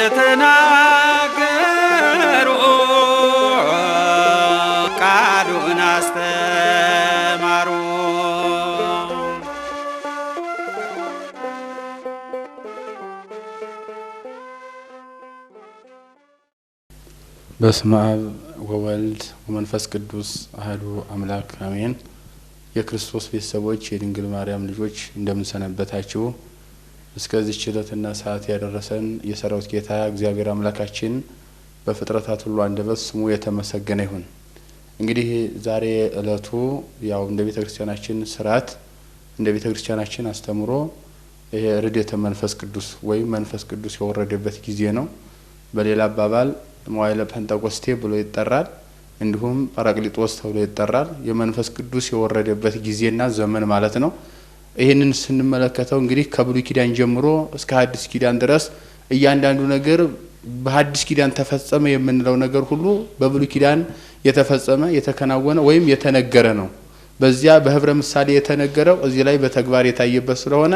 እየተናገሩ ቃሉን አስተማሩ። በስመ አብ ወወልድ ወመንፈስ ቅዱስ አህዱ አምላክ አሜን። የክርስቶስ ቤተሰቦች የድንግል ማርያም ልጆች እንደምንሰነበታችሁ እስከዚህ ችሎትና ሰዓት ያደረሰን የሰራዊት ጌታ እግዚአብሔር አምላካችን በፍጥረታት ሁሉ አንደበት ስሙ የተመሰገነ ይሁን። እንግዲህ ዛሬ እለቱ ያው እንደ ቤተ ክርስቲያናችን ስርዓት እንደ ቤተ ክርስቲያናችን አስተምሮ ይሄ ርዴተ መንፈስ ቅዱስ ወይም መንፈስ ቅዱስ የወረደበት ጊዜ ነው። በሌላ አባባል መዋይለ ፐንጠቆስቴ ብሎ ይጠራል። እንዲሁም ጳራቅሊጦስ ተብሎ ይጠራል። የመንፈስ ቅዱስ የወረደበት ጊዜና ዘመን ማለት ነው። ይህንን ስንመለከተው እንግዲህ ከብሉይ ኪዳን ጀምሮ እስከ ሐዲስ ኪዳን ድረስ እያንዳንዱ ነገር በሐዲስ ኪዳን ተፈጸመ የምንለው ነገር ሁሉ በብሉይ ኪዳን የተፈጸመ የተከናወነ ወይም የተነገረ ነው። በዚያ በህብረ ምሳሌ የተነገረው እዚህ ላይ በተግባር የታየበት ስለሆነ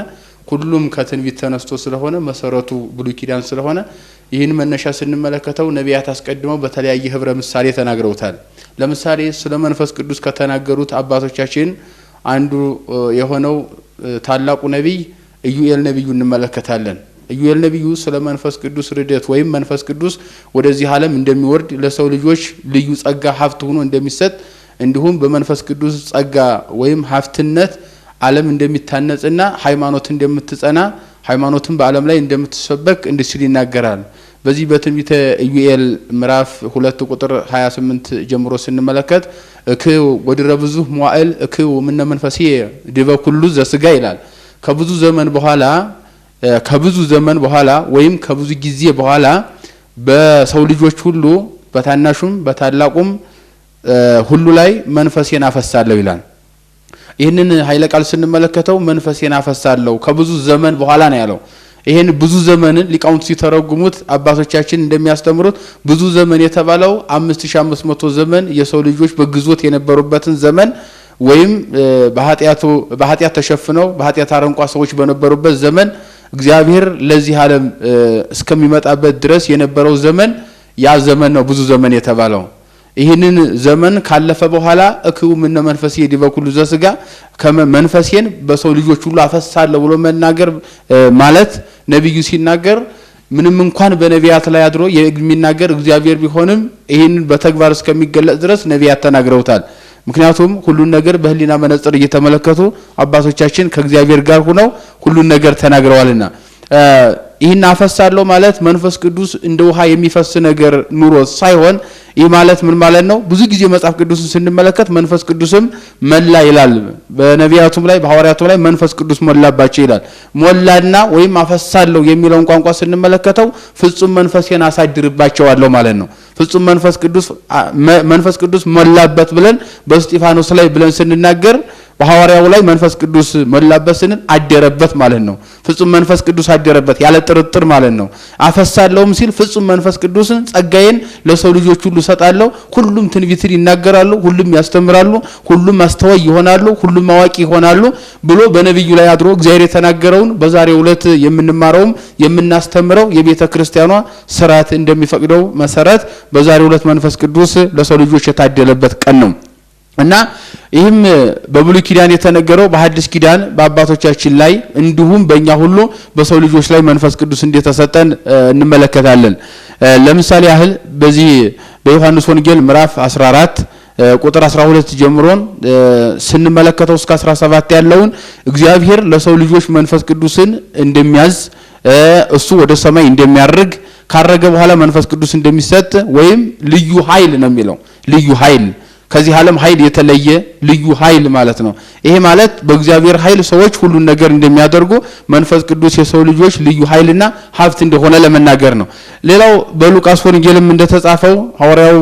ሁሉም ከትንቢት ተነስቶ ስለሆነ መሰረቱ ብሉይ ኪዳን ስለሆነ ይህን መነሻ ስንመለከተው ነቢያት አስቀድመው በተለያየ ህብረ ምሳሌ ተናግረውታል። ለምሳሌ ስለ መንፈስ ቅዱስ ከተናገሩት አባቶቻችን አንዱ የሆነው ታላቁ ነቢይ ኢዩኤል ነቢዩ እንመለከታለን። ኢዩኤል ነቢዩ ስለ መንፈስ ቅዱስ ርደት ወይም መንፈስ ቅዱስ ወደዚህ ዓለም እንደሚወርድ ለሰው ልጆች ልዩ ጸጋ ሀብት ሆኖ እንደሚሰጥ እንዲሁም በመንፈስ ቅዱስ ጸጋ ወይም ሀብትነት ዓለም እንደሚታነጽና ሃይማኖት እንደምትጸና ሃይማኖትም በዓለም ላይ እንደምትሰበክ እንዲህ ሲል ይናገራል። በዚህ በትንቢተ ኢዩኤል ምዕራፍ ሁለት ቁጥር 28 ጀምሮ ስንመለከት እክ ወድረ ብዙ መዋዕል እክ ምነ መንፈሴ ድበ ኩሉ ዘስጋ ይላል። ከብዙ ዘመን በኋላ ከብዙ ዘመን በኋላ ወይም ከብዙ ጊዜ በኋላ በሰው ልጆች ሁሉ በታናሹም በታላቁም ሁሉ ላይ መንፈሴን አፈሳለሁ ይላል። ይህንን ኃይለ ቃል ስንመለከተው መንፈሴን አፈሳለሁ ከብዙ ዘመን በኋላ ነው ያለው። ይሄን ብዙ ዘመንን ሊቃውንት ሲተረጉሙት አባቶቻችን እንደሚያስተምሩት ብዙ ዘመን የተባለው 5500 ዘመን የሰው ልጆች በግዞት የነበሩበትን ዘመን ወይም በኃጢአት ተሸፍነው በኃጢአት አረንቋ ሰዎች በነበሩበት ዘመን እግዚአብሔር ለዚህ ዓለም እስከሚመጣበት ድረስ የነበረው ዘመን ያ ዘመን ነው ብዙ ዘመን የተባለው። ይህንን ዘመን ካለፈ በኋላ እክቡ ምነ መንፈሴ ዲበኩሉ ዘስጋ ከመንፈሴን በሰው ልጆች ሁሉ አፈሳለሁ ብሎ መናገር ማለት ነቢዩ ሲናገር ምንም እንኳን በነቢያት ላይ አድሮ የሚናገር እግዚአብሔር ቢሆንም ይህንን በተግባር እስከሚገለጽ ድረስ ነቢያት ተናግረውታል። ምክንያቱም ሁሉን ነገር በህሊና መነጽር እየተመለከቱ አባቶቻችን ከእግዚአብሔር ጋር ሁነው ሁሉን ነገር ተናግረዋልና ይህን አፈሳለሁ ማለት መንፈስ ቅዱስ እንደ ውሃ የሚፈስ ነገር ኑሮ ሳይሆን ይህ ማለት ምን ማለት ነው? ብዙ ጊዜ መጽሐፍ ቅዱስን ስንመለከት መንፈስ ቅዱስም መላ ይላል። በነቢያቱም ላይ በሐዋርያቱም ላይ መንፈስ ቅዱስ ሞላባቸው ይላል። ሞላና ወይም አፈሳለሁ የሚለውን ቋንቋ ስንመለከተው ፍጹም መንፈሴን አሳድርባቸዋለሁ ማለት ነው። ፍጹም መንፈስ ቅዱስ መንፈስ ቅዱስ ሞላበት ብለን በእስጢፋኖስ ላይ ብለን ስንናገር በሐዋርያው ላይ መንፈስ ቅዱስ ሞላበት ስንል አደረበት ማለት ነው። ፍጹም መንፈስ ቅዱስ አደረበት ያለ ጥርጥር ማለት ነው። አፈሳለሁም ሲል ፍጹም መንፈስ ቅዱስን ጸጋዬን ለሰው ልጆች ሁሉ እሰጣለሁ፣ ሁሉም ትንቢትን ይናገራሉ፣ ሁሉም ያስተምራሉ፣ ሁሉም አስተዋይ ይሆናሉ፣ ሁሉም አዋቂ ይሆናሉ ብሎ በነቢዩ ላይ አድሮ እግዚአብሔር የተናገረውን በዛሬው ዕለት የምንማረውም የምናስተምረው የቤተ ክርስቲያኗ ስርዓት እንደሚፈቅደው መሰረት በዛሬው ዕለት መንፈስ ቅዱስ ለሰው ልጆች የታደለበት ቀን ነው። እና ይህም በብሉይ ኪዳን የተነገረው በሐዲስ ኪዳን በአባቶቻችን ላይ እንዲሁም በእኛ ሁሉ በሰው ልጆች ላይ መንፈስ ቅዱስ እንደተሰጠን እንመለከታለን። ለምሳሌ ያህል በዚህ በዮሐንስ ወንጌል ምዕራፍ 14 ቁጥር 12 ጀምሮን ስንመለከተው እስከ 17 ያለውን እግዚአብሔር ለሰው ልጆች መንፈስ ቅዱስን እንደሚያዝ እሱ ወደ ሰማይ እንደሚያርግ ካረገ በኋላ መንፈስ ቅዱስ እንደሚሰጥ ወይም ልዩ ኃይል ነው የሚለው ልዩ ኃይል ከዚህ ዓለም ኃይል የተለየ ልዩ ኃይል ማለት ነው። ይሄ ማለት በእግዚአብሔር ኃይል ሰዎች ሁሉን ነገር እንደሚያደርጉ መንፈስ ቅዱስ የሰው ልጆች ልዩ ኃይልና ሀብት እንደሆነ ለመናገር ነው። ሌላው በሉቃስ ወንጌልም እንደተጻፈው ሐዋርያው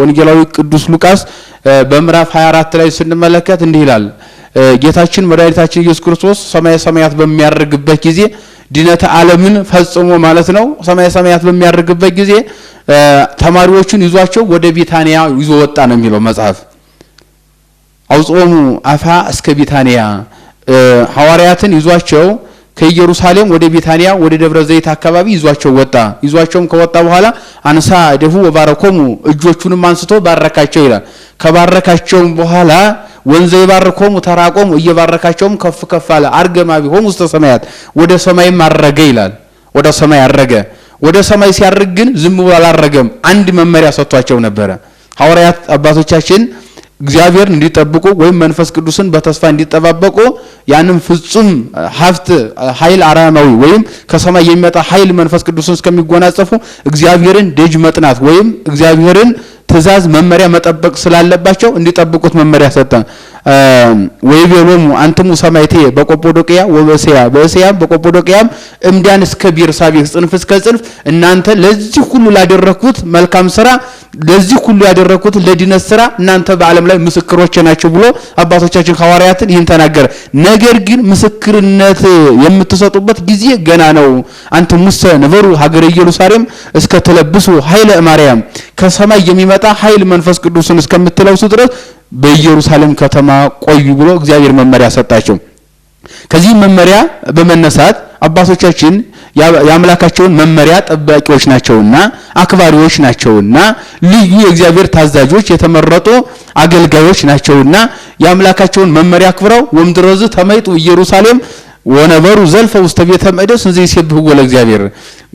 ወንጌላዊ ቅዱስ ሉቃስ በምዕራፍ 24 ላይ ስንመለከት እንዲህ ይላል። ጌታችን መድኃኒታችን ኢየሱስ ክርስቶስ ሰማየ ሰማያት በሚያደርግበት ጊዜ ድነተ ዓለምን ፈጽሞ ማለት ነው ሰማይ ሰማያት በሚያደርግበት ጊዜ ተማሪዎቹን ይዟቸው ወደ ቢታንያ ይዞ ወጣ ነው የሚለው መጽሐፍ። አውጾሙ አፋ እስከ ቢታንያ ሐዋርያትን ይዟቸው ከኢየሩሳሌም ወደ ቢታንያ ወደ ደብረ ዘይት አካባቢ ይዟቸው ወጣ። ይዟቸውም ከወጣ በኋላ አንሳ ደሁ ወባረኮሙ እጆቹንም አንስቶ ባረካቸው ይላል። ከባረካቸውም በኋላ ወንዘ ይባርኮሙ ተራቆሙ እየባረካቸውም ከፍ ከፍ አለ። አርገማ ማቢሆሙ ውስተ ሰማያት ወደ ሰማይም አረገ ይላል። ወደ ሰማይ አረገ። ወደ ሰማይ ሲያርግ ግን ዝም ብሎ አላረገም። አንድ መመሪያ ሰጥቷቸው ነበረ። ሐዋርያት አባቶቻችን እግዚአብሔር እንዲጠብቁ ወይም መንፈስ ቅዱስን በተስፋ እንዲጠባበቁ ያንም ፍጹም ሀብት ኃይል አራማዊ ወይም ከሰማይ የሚመጣ ኃይል መንፈስ ቅዱስን እስከሚጎናጸፉ እግዚአብሔርን ደጅ መጥናት ወይም እግዚአብሔርን ትእዛዝ መመሪያ መጠበቅ ስላለባቸው እንዲጠብቁት መመሪያ ሰጠ። ወይቤሎሙ አንትሙ ሰማይቴ በቆጶዶቅያ ወበእስያ በእስያም በቆጶዶቅያም እምዳን እስከ ቤርሳቤህ ጽንፍ እስከ ጽንፍ እናንተ ለዚህ ሁሉ ላደረግኩት መልካም ስራ ለዚህ ሁሉ ያደረግኩት ለድነት ስራ እናንተ በዓለም ላይ ምስክሮች ናቸው ብሎ አባቶቻችን ሐዋርያትን ይህን ተናገረ። ነገር ግን ምስክርነት የምትሰጡበት ጊዜ ገና ነው። አንተ ሙሰ ነበሩ ሀገረ ኢየሩሳሌም እስከ ተለብሱ ኃይለ ማርያም ከሰማይ የሚመጣ የሚያመጣ ኃይል መንፈስ ቅዱስን እስከምትለብሱ ድረስ በኢየሩሳሌም ከተማ ቆዩ ብሎ እግዚአብሔር መመሪያ ሰጣቸው። ከዚህ መመሪያ በመነሳት አባቶቻችን የአምላካቸውን መመሪያ ጠባቂዎች ናቸውና አክባሪዎች ናቸውና ልዩ የእግዚአብሔር ታዛዦች የተመረጡ አገልጋዮች ናቸውና የአምላካቸውን መመሪያ አክብረው ወምድረዝ ተመይጡ ኢየሩሳሌም ወነበሩ ዘልፈ ውስተ ቤተ መቅደስ ሲብ ወለ እግዚአብሔር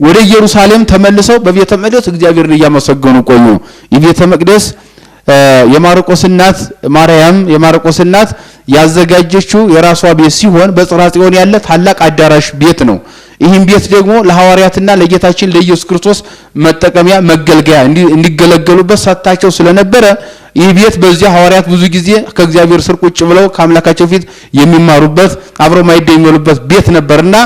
ወደ ኢየሩሳሌም ተመልሰው በቤተ መቅደስ እግዚአብሔርን እያመሰገኑ ቆዩ። የቤተ መቅደስ የማርቆስ እናት ማርያም የማርቆስ እናት ያዘጋጀችው የራሷ ቤት ሲሆን በጽርሐ ጽዮን ያለ ታላቅ አዳራሽ ቤት ነው። ይህም ቤት ደግሞ ለሐዋርያትና ለጌታችን ለኢየሱስ ክርስቶስ መጠቀሚያ መገልገያ እንዲገለገሉበት ሰጥታቸው ስለነበረ ይህ ቤት በዚያ ሐዋርያት ብዙ ጊዜ ከእግዚአብሔር ስር ቁጭ ብለው ከአምላካቸው ፊት የሚማሩበት አብረው ማዕድ የሚበሉበት ቤት ነበርና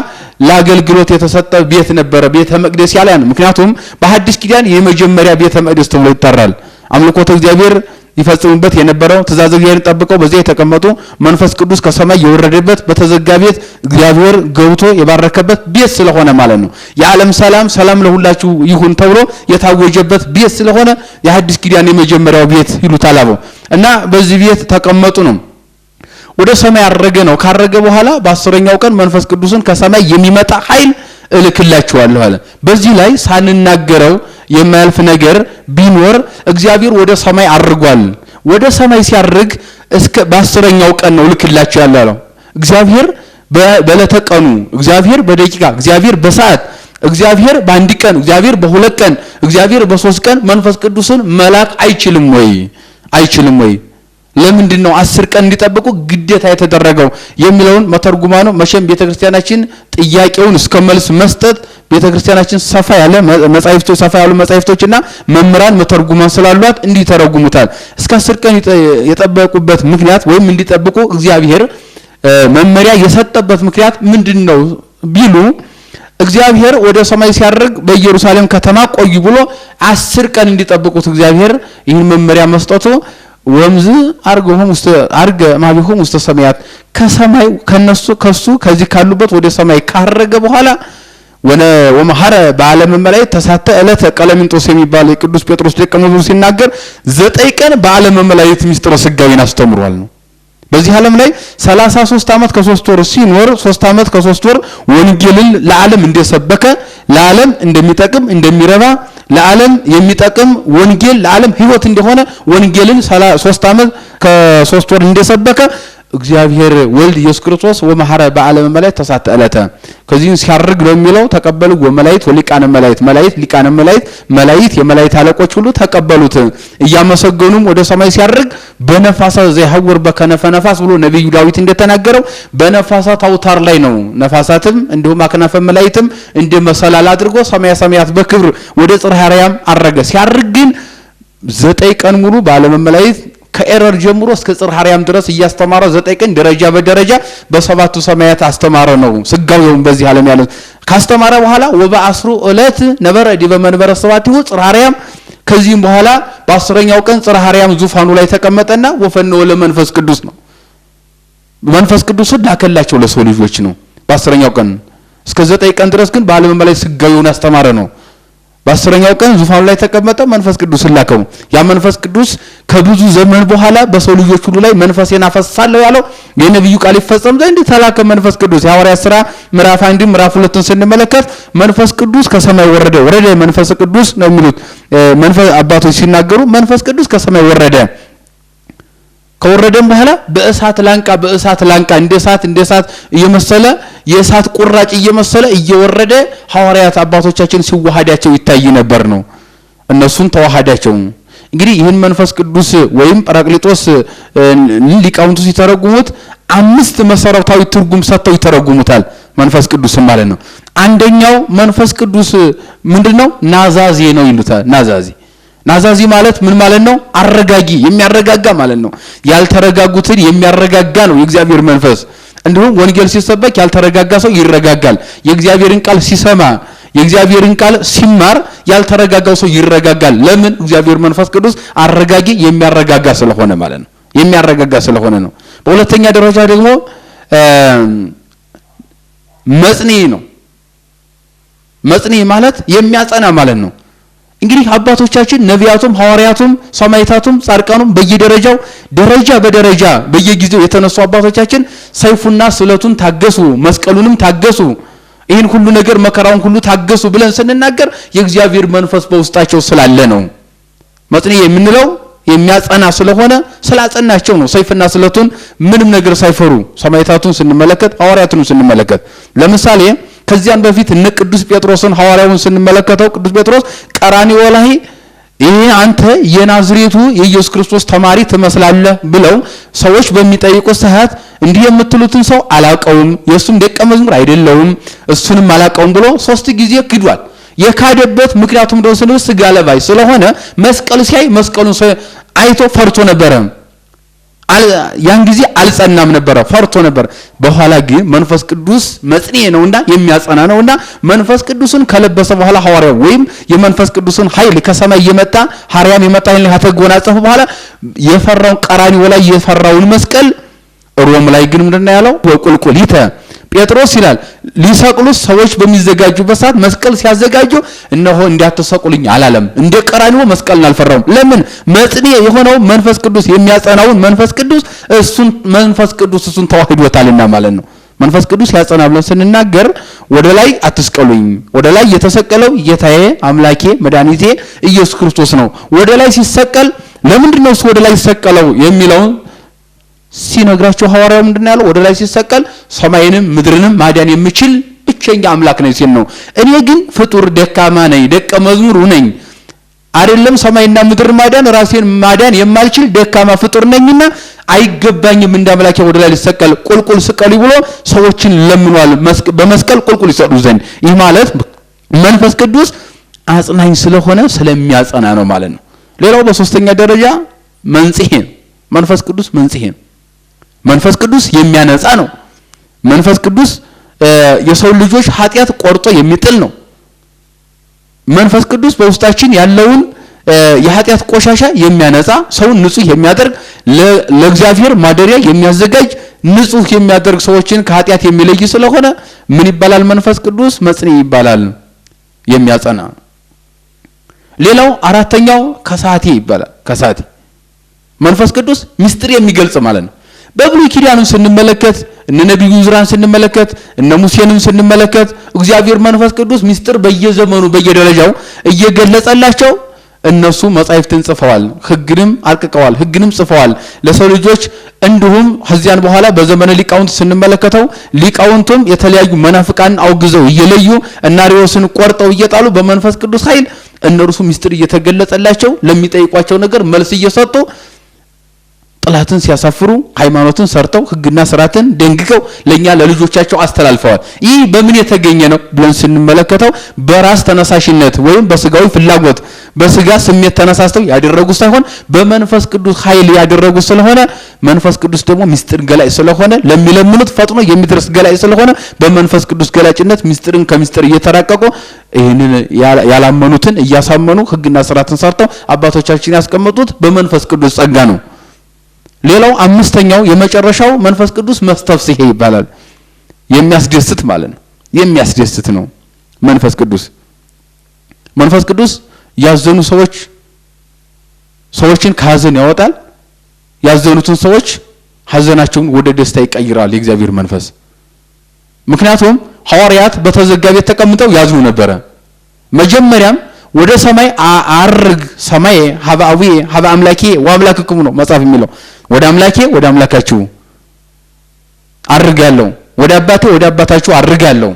ለአገልግሎት የተሰጠ ቤት ነበረ። ቤተ መቅደስ ያለ ነው። ምክንያቱም በሐዲስ ኪዳን የመጀመሪያ ቤተ መቅደስ ተብሎ ይጠራል። አምልኮተ እግዚአብሔር ይፈጽሙበት የነበረው ትእዛዝ እግዚአብሔርን ጠብቀው በዚያ የተቀመጡ መንፈስ ቅዱስ ከሰማይ የወረደበት በተዘጋ ቤት እግዚአብሔር ገብቶ የባረከበት ቤት ስለሆነ ማለት ነው። የዓለም ሰላም ሰላም ለሁላችሁ ይሁን ተብሎ የታወጀበት ቤት ስለሆነ የሐዲስ ኪዳን የመጀመሪያው ቤት ይሉታል አበው እና በዚህ ቤት ተቀመጡ ነው። ወደ ሰማይ አረገ ነው። ካረገ በኋላ በአስረኛው ቀን መንፈስ ቅዱስን ከሰማይ የሚመጣ ኃይል እልክላችኋለሁ አለ። በዚህ ላይ ሳንናገረው የማያልፍ ነገር ቢኖር እግዚአብሔር ወደ ሰማይ አድርጓል። ወደ ሰማይ ሲያርግ እስከ በአስረኛው ቀን ነው እልክላችሁ ያለው እግዚአብሔር በለተቀኑ እግዚአብሔር በደቂቃ፣ እግዚአብሔር በሰዓት፣ እግዚአብሔር በአንድ ቀን፣ እግዚአብሔር በሁለት ቀን፣ እግዚአብሔር በሶስት ቀን መንፈስ ቅዱስን መላክ አይችልም ወይ? አይችልም ወይ? ለምንድን ነው አስር ቀን እንዲጠብቁ ግዴታ የተደረገው የሚለውን መተርጉማኑ መቼም ቤተክርስቲያናችን ጥያቄውን እስከ መልስ መስጠት ቤተክርስቲያናችን ሰፋ ያለ መጻሕፍቶች ሰፋ ያሉ መጻሕፍቶችና መምህራን መተርጉማን ስላሏት እንዲተረጉሙታል። እስከ አስር ቀን የጠበቁበት ምክንያት ወይም እንዲጠብቁ እግዚአብሔር መመሪያ የሰጠበት ምክንያት ምንድን ነው ቢሉ እግዚአብሔር ወደ ሰማይ ሲያደርግ በኢየሩሳሌም ከተማ ቆዩ ብሎ አስር ቀን እንዲጠብቁት እግዚአብሔር ይህን መመሪያ መስጠቱ ወምዝ አርገሁም ውስተ አርገ ማቢሆም ውስተ ሰማያት ከሰማይ ከነሱ ከሱ ከዚህ ካሉበት ወደ ሰማይ ካረገ በኋላ ወነ ወመሐረ በዓለም መላእክት ተሳተ ዕለተ ቀለሚንጦስ የሚባል የቅዱስ ጴጥሮስ ደቀ መዝሙር ሲናገር ዘጠኝ ቀን በዓለም መላእክት ሚስጥረ ስጋዊን አስተምሯል ነው። በዚህ ዓለም ላይ 33 ዓመት ከሶስት ወር ሲኖር 3 ዓመት ከሶስት ወር ወንጌልን ለዓለም እንደሰበከ ለዓለም እንደሚጠቅም እንደሚረባ ለዓለም የሚጠቅም ወንጌል ለዓለም ህይወት እንደሆነ ወንጌልን ሶስት ዓመት ከሶስት ወር እንደሰበከ እግዚአብሔር ወልድ ኢየሱስ ክርስቶስ ወመሐረ በዓለም መላእክት ተሳተ ዕለተ ከዚህም ሲያርግ ነው የሚለው ተቀበሉ ወመላእክት ወሊቃነ መላእክት መላእክት ሊቃነ መላእክት መላእክት የመላእክት አለቆች ሁሉ ተቀበሉት እያመሰገኑም ወደ ሰማይ ሲያርግ በነፋሳት ዘይሐውር በከነፈ ነፋስ ብሎ ነቢዩ ዳዊት እንደተናገረው በነፋሳት አውታር ላይ ነው። ነፋሳትም እንዲሁም አክናፈ መላእክትም እንደ መሰላል አድርጎ ሰማያ ሰማያት በክብር ወደ ጽርሐ አርያም አረገ። ሲያርግ ግን ዘጠኝ ቀን ሙሉ በዓለም መላእክት ከኤረር ጀምሮ እስከ ጽር ሐርያም ድረስ እያስተማረ ዘጠኝ ቀን ደረጃ በደረጃ በሰባቱ ሰማያት አስተማረ ነው ስጋዊውን በዚህ ዓለም ያለ ካስተማረ በኋላ ወበአስሩ ዕለት ነበረ ዲበ መንበረ ሰባቲሁ ጽር ሐርያም ከዚህም በኋላ በአስረኛው ቀን ጽር ሐርያም ዙፋኑ ላይ ተቀመጠና ወፈነወ ለመንፈስ ቅዱስ ነው መንፈስ ቅዱስ ላከላቸው ለሰው ልጆች ነው። በአስረኛው ቀን እስከ ዘጠኝ ቀን ድረስ ግን በዓለም ላይ ስጋዊውን አስተማረ ነው። በአስረኛው ቀን ዙፋኑ ላይ ተቀመጠ፣ መንፈስ ቅዱስ ላከው። ያ መንፈስ ቅዱስ ከብዙ ዘመን በኋላ በሰው ልጆች ሁሉ ላይ መንፈሴን አፈስሳለሁ ያለው የነቢዩ ቃል ይፈጸም ዘንድ ተላከ መንፈስ ቅዱስ። የሐዋርያት ሥራ ምዕራፍ አንድን ምዕራፍ ሁለትን ስንመለከት መንፈስ ቅዱስ ከሰማይ ወረደ። ወረደ መንፈስ ቅዱስ ነው የሚሉት መንፈስ አባቶች ሲናገሩ መንፈስ ቅዱስ ከሰማይ ወረደ ከወረደም በኋላ በእሳት ላንቃ በእሳት ላንቃ እንደ እሳት እንደ እሳት እየመሰለ የእሳት ቁራጭ እየመሰለ እየወረደ ሐዋርያት አባቶቻችን ሲዋሃዳቸው ይታይ ነበር ነው። እነሱን ተዋሃዳቸው። እንግዲህ ይህን መንፈስ ቅዱስ ወይም ጰራቅሊጦስ ሊቃውንቱ ሲተረጉሙት አምስት መሰረታዊ ትርጉም ሰጥተው ይተረጉሙታል። መንፈስ ቅዱስ ማለት ነው። አንደኛው መንፈስ ቅዱስ ምንድን ነው? ናዛዜ ነው ይሉታል። ናዛዜ ናዛዚ ማለት ምን ማለት ነው? አረጋጊ የሚያረጋጋ ማለት ነው። ያልተረጋጉትን የሚያረጋጋ ነው የእግዚአብሔር መንፈስ። እንዲሁም ወንጌል ሲሰበክ ያልተረጋጋ ሰው ይረጋጋል። የእግዚአብሔርን ቃል ሲሰማ የእግዚአብሔርን ቃል ሲማር ያልተረጋጋው ሰው ይረጋጋል። ለምን? እግዚአብሔር መንፈስ ቅዱስ አረጋጊ የሚያረጋጋ ስለሆነ ማለት ነው። የሚያረጋጋ ስለሆነ ነው። በሁለተኛ ደረጃ ደግሞ መጽንዒ ነው። መጽንዒ ማለት የሚያጸና ማለት ነው። እንግዲህ አባቶቻችን ነቢያቱም ሐዋርያቱም ሰማይታቱም ጻድቃኑም በየደረጃው ደረጃ በደረጃ በየጊዜው የተነሱ አባቶቻችን ሰይፉና ስለቱን ታገሱ፣ መስቀሉንም ታገሱ፣ ይህን ሁሉ ነገር መከራውን ሁሉ ታገሱ ብለን ስንናገር የእግዚአብሔር መንፈስ በውስጣቸው ስላለ ነው። መጥኔ የምንለው የሚያጸና ስለሆነ ስላጸናቸው ነው። ሰይፍና ስለቱን ምንም ነገር ሳይፈሩ ሰማይታቱን ስንመለከት ሐዋርያቱን ስንመለከት ለምሳሌ ከዚያም በፊት እነ ቅዱስ ጴጥሮስን ሐዋርያውን ስንመለከተው ቅዱስ ጴጥሮስ ቀራንዮ ላይ ይሄ አንተ የናዝሬቱ የኢየሱስ ክርስቶስ ተማሪ ትመስላለህ ብለው ሰዎች በሚጠይቁት ሰዓት እንዲህ የምትሉትን ሰው አላቀውም፣ የእሱም ደቀ መዝሙር አይደለውም፣ እሱንም አላቀውም ብሎ ሶስት ጊዜ ክዷል። የካደበት ምክንያቱም ደስነ ስጋ ለባይ ስለሆነ መስቀል ሲያይ መስቀሉን አይቶ ፈርቶ ነበረ። ያን ጊዜ አልጸናም ነበረ፣ ፈርቶ ነበር። በኋላ ግን መንፈስ ቅዱስ መጽኔ ነውና የሚያጸና ነውና መንፈስ ቅዱስን ከለበሰ በኋላ ሐዋርያ ወይም የመንፈስ ቅዱስን ኃይል ከሰማይ የመጣ ሐዋርያም የመጣ ኃይል ከተጎናጸፈ በኋላ የፈራውን ቀራኒ ወላይ የፈራውን መስቀል ሮም ላይ ግን ምንድነው ያለው? ወቁልቁሊተ ጴጥሮስ ይላል ሊሰቅሉት ሰዎች በሚዘጋጁበት ሰዓት መስቀል ሲያዘጋጁ እነሆ እንዲያተሰቁልኝ አላለም። እንደ ቀራንዮ መስቀልን አልፈራውም። ለምን? መጥኔ የሆነው መንፈስ ቅዱስ የሚያጸናውን መንፈስ ቅዱስ እሱን መንፈስ ቅዱስ እሱን ተዋህዶታልና ማለት ነው። መንፈስ ቅዱስ ያጸና ብለን ስንናገር ወደ ላይ አትስቀሉኝ። ወደ ላይ የተሰቀለው ጌታዬ አምላኬ መድኃኒቴ ኢየሱስ ክርስቶስ ነው። ወደ ላይ ሲሰቀል ለምንድን ነው እሱ ወደ ላይ ሲሰቀለው የሚለውን ሲነግራቸው ሐዋርያው ምንድን ያለው? ወደ ላይ ሲሰቀል ሰማይንም ምድርንም ማዳን የሚችል ብቸኛ አምላክ ነው ሲል ነው። እኔ ግን ፍጡር ደካማ ነኝ፣ ደቀ መዝሙር ነኝ አይደለም ሰማይና ምድር ማዳን ራሴን ማዳን የማልችል ደካማ ፍጡር ነኝና አይገባኝም። እንደ አምላክ ወደ ላይ ሊሰቀል ቁልቁል ስቀሉ ብሎ ሰዎችን ለምኗል፣ በመስቀል ቁልቁል ይሰዱ ዘንድ። ይህ ማለት መንፈስ ቅዱስ አጽናኝ ስለሆነ ስለሚያጸና ነው ማለት ነው። ሌላው በሶስተኛ ደረጃ መንጽሄ መንፈስ ቅዱስ መንጽሄ ነው። መንፈስ ቅዱስ የሚያነጻ ነው። መንፈስ ቅዱስ የሰው ልጆች ኃጢአት ቆርጦ የሚጥል ነው። መንፈስ ቅዱስ በውስጣችን ያለውን የኃጢአት ቆሻሻ የሚያነጻ ሰውን ንጹህ የሚያደርግ ለእግዚአብሔር ማደሪያ የሚያዘጋጅ ንጹህ የሚያደርግ ሰዎችን ከኃጢአት የሚለይ ስለሆነ ምን ይባላል? መንፈስ ቅዱስ መጽኔ ይባላል፣ የሚያጸና። ሌላው አራተኛው ከሳቴ ይባላል። ከሳቴ መንፈስ ቅዱስ ሚስጥር የሚገልጽ ማለት ነው። በብሉይ ኪዳኑን ስንመለከት እነ ነቢዩ ዕዝራን ስንመለከት እነ ሙሴንም ስንመለከት እግዚአብሔር መንፈስ ቅዱስ ሚስጥር በየዘመኑ በየደረጃው እየገለጸላቸው እነሱ መጻሕፍትን ጽፈዋል፣ ሕግንም አርቅቀዋል፣ ሕግንም ጽፈዋል ለሰው ልጆች። እንዲሁም ከዚያን በኋላ በዘመነ ሊቃውንት ስንመለከተው ሊቃውንቱም የተለያዩ መናፍቃን አውግዘው እየለዩ እና ሪዮስን ቆርጠው እየጣሉ በመንፈስ ቅዱስ ኃይል እነርሱ ሚስጥር እየተገለጸላቸው ለሚጠይቋቸው ነገር መልስ እየሰጡ ጥላትን ሲያሳፍሩ ሃይማኖትን ሰርተው ህግና ስርዓትን ደንግቀው ለእኛ ለልጆቻቸው አስተላልፈዋል። ይህ በምን የተገኘ ነው ብለን ስንመለከተው በራስ ተነሳሽነት ወይም በስጋዊ ፍላጎት በስጋ ስሜት ተነሳስተው ያደረጉ ሳይሆን በመንፈስ ቅዱስ ኃይል ያደረጉ ስለሆነ መንፈስ ቅዱስ ደግሞ ሚስጥር ገላጭ ስለሆነ ለሚለምኑት ፈጥኖ የሚደርስ ገላጭ ስለሆነ በመንፈስ ቅዱስ ገላጭነት ምስጢርን ከሚስጥር እየተራቀቁ ይህንን ያላመኑትን እያሳመኑ ህግና ስርዓትን ሰርተው አባቶቻችን ያስቀመጡት በመንፈስ ቅዱስ ጸጋ ነው። ሌላው አምስተኛው የመጨረሻው መንፈስ ቅዱስ መስተፍስሄ ይባላል። የሚያስደስት ማለት ነው። የሚያስደስት ነው መንፈስ ቅዱስ። መንፈስ ቅዱስ ያዘኑ ሰዎች ሰዎችን ከሀዘን ያወጣል። ያዘኑትን ሰዎች ሀዘናቸውን ወደ ደስታ ይቀይራል የእግዚአብሔር መንፈስ። ምክንያቱም ሐዋርያት በተዘጋ ቤት ተቀምጠው ያዝኑ ነበረ መጀመሪያም ወደ ሰማይ አርግ ሰማይ ሀባዊ ሀባ ሀበ አምላኬ ወአምላክክሙ ነው መጽሐፍ የሚለው ወደ አምላኬ ወደ አምላካችሁ አርጋለሁ፣ ወደ አባቴ ወደ አባታችሁ አርጋለሁ፣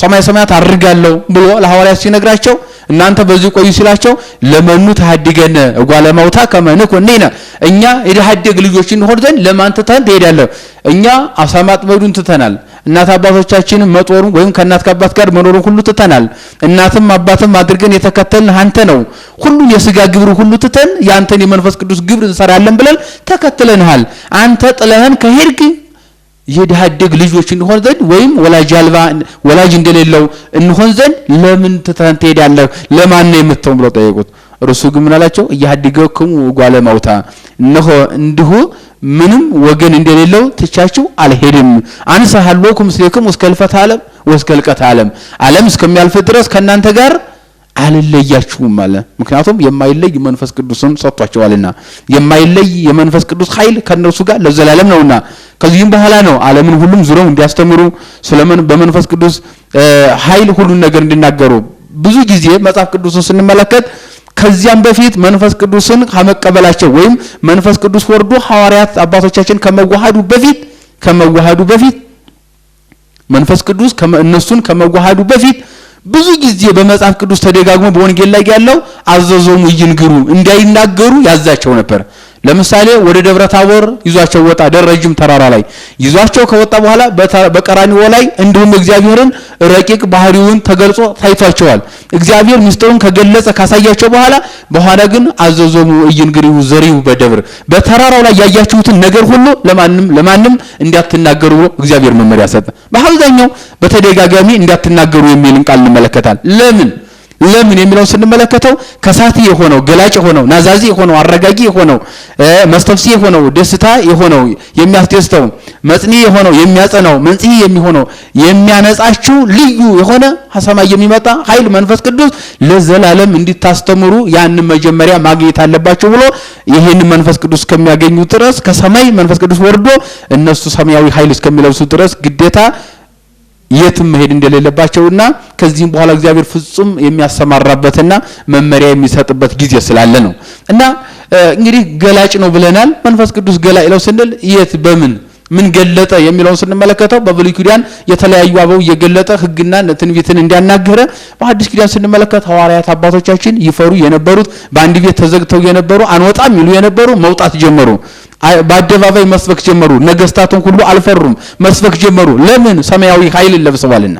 ሰማይ ሰማያት አርጋለሁ ብሎ ለሐዋርያት ሲነግራቸው እናንተ በዚህ ቆዩ ሲላቸው ለመኑ ተሐድገነ እጓለ ማውታ ከመን ኮኔነ እኛ የደሃደግ ልጆችን እንሆን ዘንድ ለማን ትተን ትሄዳለህ? እኛ አሳማጥ መዱን ትተናል። እናት አባቶቻችን መጦሩ ወይም ከእናት ከአባት ጋር መኖሩን ሁሉ ትተናል። እናትም አባትም አድርገን የተከተልን አንተ ነው። ሁሉን የስጋ ግብር ሁሉ ትተን የአንተን የመንፈስ ቅዱስ ግብር እንሰራለን ብለን ተከትለንሃል። አንተ ጥለህን ከሄድግ የድሃ ልጆች እንሆን ዘንድ ወይም ወላጅ አልባ ወላጅ እንደሌለው እንሆን ዘንድ ለምን ትተን ትሄዳለህ? ለማን ነው የምትተው ብለው ጠየቁት። እርሱ ግን ምን አላቸው? እያሃድገክሙ እጓለ እማውታ እነሆ እንዲሁ ምንም ወገን እንደሌለው ትቻችሁ አልሄድም። አንሳሃሎኩም ስሌክም እስከ ህልፈተ ዓለም ወስከ ዓለም ዓለም እስከሚያልፍ ድረስ ከእናንተ ጋር አልለያችሁም አለ። ምክንያቱም የማይለይ መንፈስ ቅዱስን ሰጥቷቸዋልና የማይለይ የመንፈስ ቅዱስ ኃይል ከእነርሱ ጋር ለዘላለም ነውና ከዚህም በኋላ ነው ዓለምን ሁሉም ዙረው እንዲያስተምሩ ስለምን በመንፈስ ቅዱስ ኃይል ሁሉን ነገር እንዲናገሩ ብዙ ጊዜ መጽሐፍ ቅዱስን ስንመለከት ከዚያም በፊት መንፈስ ቅዱስን ከመቀበላቸው ወይም መንፈስ ቅዱስ ወርዶ ሐዋርያት አባቶቻችን ከመዋሃዱ በፊት ከመዋሃዱ በፊት መንፈስ ቅዱስ እነሱን ከመዋሃዱ በፊት ብዙ ጊዜ በመጽሐፍ ቅዱስ ተደጋግሞ በወንጌል ላይ ያለው አዘዞሙ ይንግሩ እንዳይናገሩ ያዛቸው ነበር። ለምሳሌ ወደ ደብረ ታቦር ይዟቸው ወጣ። ደረጅም ተራራ ላይ ይዟቸው ከወጣ በኋላ በቀራኒዎ ላይ እንዲሁም እግዚአብሔርን ረቂቅ ባህሪውን ተገልጾ ታይቷቸዋል። እግዚአብሔር ምስጢሩን ከገለጸ ካሳያቸው በኋላ በኋላ ግን አዘዞሙ እይንግሪሁ ዘሪሁ በደብር በተራራው ላይ ያያችሁትን ነገር ሁሉ ለማንም ለማንም እንዳትናገሩ ብሎ እግዚአብሔር መመሪያ ሰጠ። በአብዛኛው በተደጋጋሚ እንዳትናገሩ የሚልን ቃል እንመለከታል። ለምን ለምን የሚለውን ስንመለከተው ከሳቲ የሆነው ገላጭ የሆነው ናዛዚ የሆነው አረጋጊ የሆነው መስተፍሲ የሆነው ደስታ የሆነው የሚያስደስተው መጽኒ የሆነው የሚያጸናው መንጽ የሚሆነው የሚያነጻችሁ ልዩ የሆነ ሰማይ የሚመጣ ኃይል መንፈስ ቅዱስ ለዘላለም እንዲታስተምሩ ያንን መጀመሪያ ማግኘት አለባቸው ብሎ ይህን መንፈስ ቅዱስ እስከሚያገኙ ድረስ ከሰማይ መንፈስ ቅዱስ ወርዶ እነሱ ሰማያዊ ኃይል እስከሚለብሱ ድረስ ግዴታ የትም መሄድ እንደሌለባቸውና ከዚህም በኋላ እግዚአብሔር ፍጹም የሚያሰማራበትና መመሪያ የሚሰጥበት ጊዜ ስላለ ነው። እና እንግዲህ ገላጭ ነው ብለናል። መንፈስ ቅዱስ ገላጭ ነው ስንል የት በምን ምን ገለጠ የሚለውን ስንመለከተው በብሉይ ኪዳን የተለያዩ አበው እየገለጠ ሕግና ትንቢትን እንዲያናገረ፣ በአዲስ ኪዳን ስንመለከት ሐዋርያት አባቶቻችን ይፈሩ የነበሩት በአንድ ቤት ተዘግተው የነበሩ አንወጣም ይሉ የነበሩ መውጣት ጀመሩ። በአደባባይ መስበክ ጀመሩ። ነገስታቱን ሁሉ አልፈሩም፣ መስበክ ጀመሩ። ለምን? ሰማያዊ ኃይል ለብሰዋልና።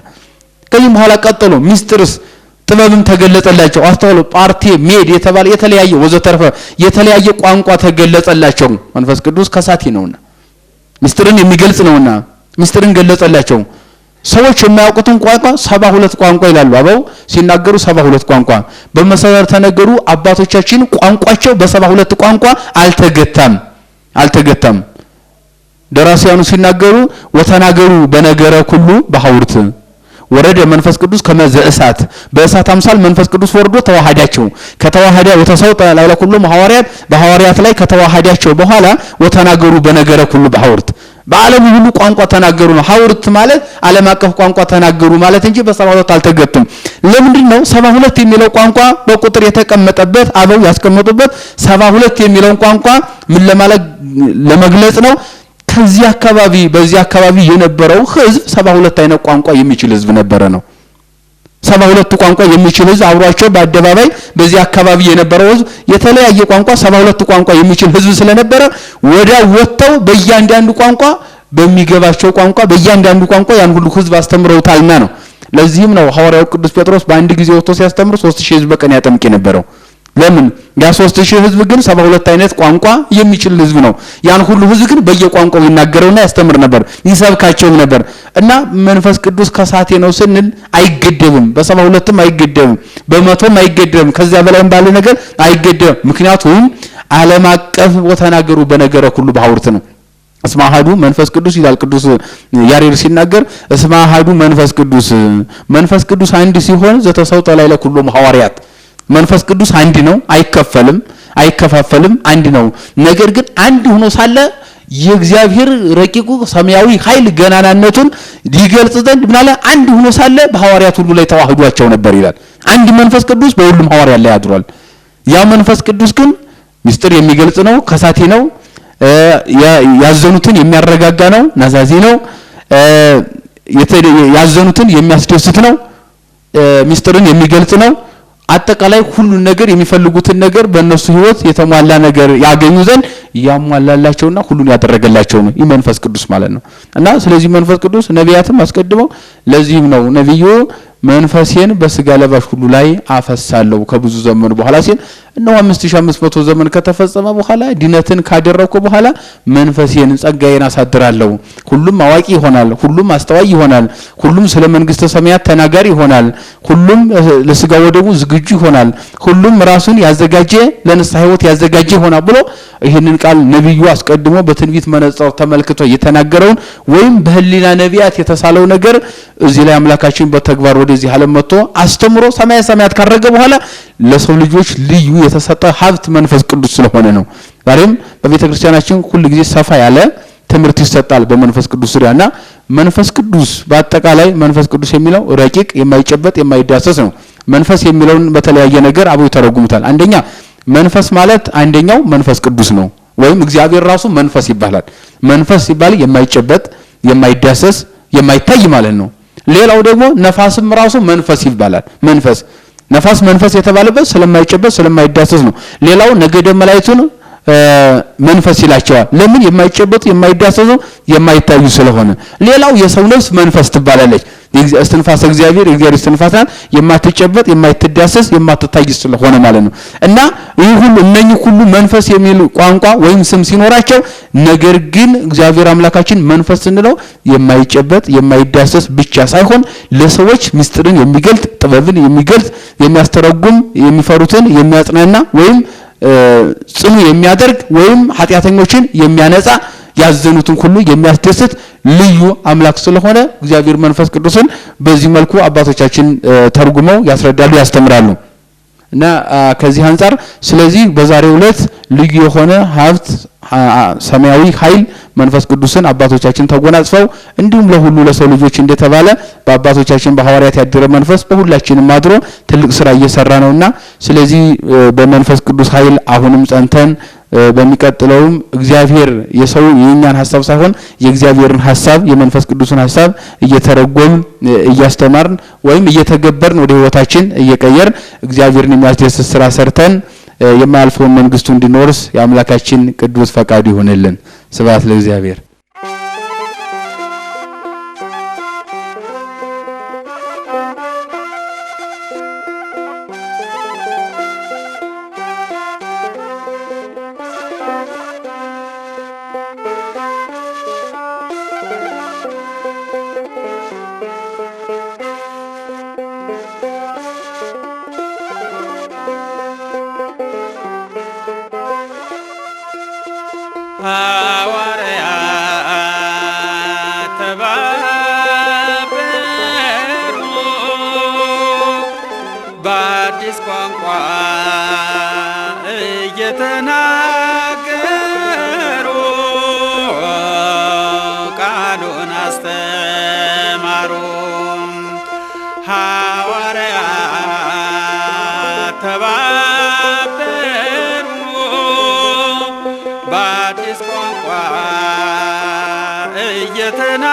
ከዚህም በኋላ ቀጠሉ። ሚስጥርስ ጥበብም ተገለጸላቸው። አስተውሉ። ፓርቲ ሜድ የተባለ የተለያየ ወዘተርፈ የተለያየ ቋንቋ ተገለጸላቸው። መንፈስ ቅዱስ ከሳቲ ነውና ሚስጥርን የሚገልጽ ነውና ሚስጥርን ገለጸላቸው። ሰዎች የማያውቁትን ቋንቋ ሰባ ሁለት ቋንቋ ይላሉ አበው ሲናገሩ፣ ሰባ ሁለት ቋንቋ በመሰረተ ነገሩ አባቶቻችን ቋንቋቸው በሰባ ሁለት ቋንቋ አልተገታም። አልተገታም። ደራሲያኑ ሲናገሩ ወተናገሩ በነገረ ሁሉ በሐውርት ወረደ መንፈስ ቅዱስ ከመዘ እሳት በእሳት አምሳል መንፈስ ቅዱስ ወርዶ ተዋሃዳቸው። ከተዋሃዳ ወተሰውጠ ላዕለ ኩሎሙ ሐዋርያት በሐዋርያት ላይ ከተዋሃዳቸው በኋላ ወተናገሩ በነገረ ሁሉ በሐውርት በዓለም ሁሉ ቋንቋ ተናገሩ ነው። ሀውርት ማለት ዓለም አቀፍ ቋንቋ ተናገሩ ማለት እንጂ በሰባ ሁለት አልተገጥም። ለምንድን ነው ሰባ ሁለት የሚለው ቋንቋ በቁጥር የተቀመጠበት? አበው ያስቀመጡበት ሰባ ሁለት የሚለውን ቋንቋ ምን ለማለት ለመግለጽ ነው? ከዚህ አካባቢ በዚህ አካባቢ የነበረው ህዝብ ሰባ ሁለት አይነት ቋንቋ የሚችል ህዝብ ነበረ ነው። ሰባ ቋንቋ የሚችል ህዝብ አብሯቸው በአደባባይ በዚህ አካባቢ የነበረው ህዝብ የተለያየ ቋንቋ ሰባ ቋንቋ የሚችል ህዝብ ስለነበረ ወዳ ወጥተው በእያንዳንዱ ቋንቋ በሚገባቸው ቋንቋ በእያንዳንዱ ቋንቋ ያን ሁሉ ህዝብ አስተምረውታልና ነው። ለዚህም ነው ሐዋርያው ቅዱስ ጴጥሮስ በአንድ ጊዜ ወጥቶ ሲያስተምር 3000 ህዝብ በቀን ያጠምቅ የነበረው። ለምን ያ 3000 ህዝብ ግን 72 አይነት ቋንቋ የሚችል ህዝብ ነው። ያን ሁሉ ህዝብ ግን በየቋንቋው ይናገረውና ያስተምር ነበር፣ ይሰብካቸውም ነበር እና መንፈስ ቅዱስ ከሳቴ ነው ስንል አይገደብም። በ በ72ም አይገደብም፣ በመቶም አይገደብም፣ ከዚያ በላይም ባለ ነገር አይገደብም። ምክንያቱም ዓለም አቀፍ ወተናገሩ በነገረ ሁሉ ባውርት ነው እስመ አሐዱ መንፈስ ቅዱስ ይላል ቅዱስ ያሬድ ሲናገር፣ እስመ አሐዱ መንፈስ ቅዱስ መንፈስ ቅዱስ አንድ ሲሆን ዘተሰውጠ ላዕለ ኩሎሙ ሐዋርያት መንፈስ ቅዱስ አንድ ነው፣ አይከፈልም፣ አይከፋፈልም፣ አንድ ነው። ነገር ግን አንድ ሆኖ ሳለ የእግዚአብሔር ረቂቁ ሰማያዊ ኃይል ገናናነቱን ሊገልጽ ዘንድ ምናለ አንድ ሆኖ ሳለ በሐዋርያት ሁሉ ላይ ተዋህዷቸው ነበር ይላል። አንድ መንፈስ ቅዱስ በሁሉም ሐዋርያት ላይ አድሯል። ያ መንፈስ ቅዱስ ግን ምስጢር የሚገልጽ ነው፣ ከሳቴ ነው፣ ያዘኑትን የሚያረጋጋ ነው፣ ናዛዚ ነው፣ ያዘኑትን የሚያስደስት ነው፣ ምስጢርን የሚገልጽ ነው። አጠቃላይ ሁሉን ነገር የሚፈልጉትን ነገር በእነሱ ህይወት የተሟላ ነገር ያገኙ ዘንድ ያሟላላቸውና ሁሉን ያደረገላቸው ነው ይህ መንፈስ ቅዱስ ማለት ነው። እና ስለዚህ መንፈስ ቅዱስ ነቢያትም አስቀድመው ለዚህም ነው ነቢዩ መንፈሴን በስጋ ለባሽ ሁሉ ላይ አፈሳለሁ ከብዙ ዘመን በኋላ ሲል እነሆ 5500 ዘመን ከተፈጸመ በኋላ ድነትን ካደረኩ በኋላ መንፈሴን ጸጋዬን አሳድራለሁ። ሁሉም አዋቂ ይሆናል፣ ሁሉም አስተዋይ ይሆናል፣ ሁሉም ስለ መንግስተ ሰማያት ተናጋሪ ይሆናል፣ ሁሉም ለስጋ ወደቡ ዝግጁ ይሆናል፣ ሁሉም ራሱን ያዘጋጀ ለንስሐ ሕይወት ያዘጋጀ ይሆናል ብሎ ይህንን ቃል ነቢዩ አስቀድሞ በትንቢት መነጽር ተመልክቶ የተናገረውን ወይም በህሊና ነቢያት የተሳለው ነገር እዚህ ላይ አምላካችን በተግባር ወደ ወደዚህ ዓለም መጥቶ አስተምሮ ሰማያ ሰማያት ካረገ በኋላ ለሰው ልጆች ልዩ የተሰጠ ሀብት መንፈስ ቅዱስ ስለሆነ ነው። ዛሬም በቤተ ክርስቲያናችን ሁል ጊዜ ሰፋ ያለ ትምህርት ይሰጣል በመንፈስ ቅዱስ ዙሪያና መንፈስ ቅዱስ በአጠቃላይ መንፈስ ቅዱስ የሚለው ረቂቅ፣ የማይጨበጥ የማይዳሰስ ነው። መንፈስ የሚለውን በተለያየ ነገር አበው ይተረጉሙታል። አንደኛ መንፈስ ማለት አንደኛው መንፈስ ቅዱስ ነው፣ ወይም እግዚአብሔር ራሱ መንፈስ ይባላል። መንፈስ ሲባል የማይጨበጥ የማይዳሰስ የማይታይ ማለት ነው። ሌላው ደግሞ ነፋስም ራሱ መንፈስ ይባላል። መንፈስ ነፋስ መንፈስ የተባለበት ስለማይጨበጥ ስለማይዳሰስ ነው። ሌላው ነገደ መላእክቱን መንፈስ ይላቸዋል። ለምን? የማይጨበጡ የማይዳሰሱ የማይታዩ ስለሆነ። ሌላው የሰው ነፍስ መንፈስ ትባላለች። እስትንፋሰ እግዚአብሔር የእግዚአብሔር እስትንፋሳን የማትጨበጥ የማትዳሰስ የማትታይ ስለሆነ ማለት ነው። እና ይህ ሁሉ እነኚህ ሁሉ መንፈስ የሚል ቋንቋ ወይም ስም ሲኖራቸው፣ ነገር ግን እግዚአብሔር አምላካችን መንፈስ ስንለው የማይጨበጥ የማይዳሰስ ብቻ ሳይሆን ለሰዎች ምስጢርን የሚገልጥ ጥበብን የሚገልጥ የሚያስተረጉም የሚፈሩትን የሚያጽናና ወይም ጽኑ የሚያደርግ ወይም ኃጢአተኞችን የሚያነጻ ያዘኑትን ሁሉ የሚያስደስት ልዩ አምላክ ስለሆነ እግዚአብሔር መንፈስ ቅዱስን በዚህ መልኩ አባቶቻችን ተርጉመው ያስረዳሉ፣ ያስተምራሉ እና ከዚህ አንጻር ስለዚህ በዛሬው ዕለት ልዩ የሆነ ሀብት ሰማያዊ ኃይል መንፈስ ቅዱስን አባቶቻችን ተጎናጽፈው እንዲሁም ለሁሉ ለሰው ልጆች እንደተባለ በአባቶቻችን በሐዋርያት ያደረ መንፈስ በሁላችንም አድሮ ትልቅ ስራ እየሰራ ነውና ስለዚህ በመንፈስ ቅዱስ ኃይል አሁንም ጸንተን በሚቀጥለውም እግዚአብሔር የሰው የእኛን ሀሳብ ሳይሆን የእግዚአብሔርን ሀሳብ የመንፈስ ቅዱስን ሀሳብ እየተረጎም እያስተማርን ወይም እየተገበርን ወደ ህይወታችን እየቀየር እግዚአብሔርን የሚያስደስት ስራ ሰርተን የማያልፈውን መንግስቱ እንዲኖርስ የአምላካችን ቅዱስ ፈቃዱ ይሆንልን። ስብሐት ለእግዚአብሔር። የተና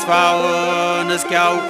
ተስፋውን እስኪያውቁ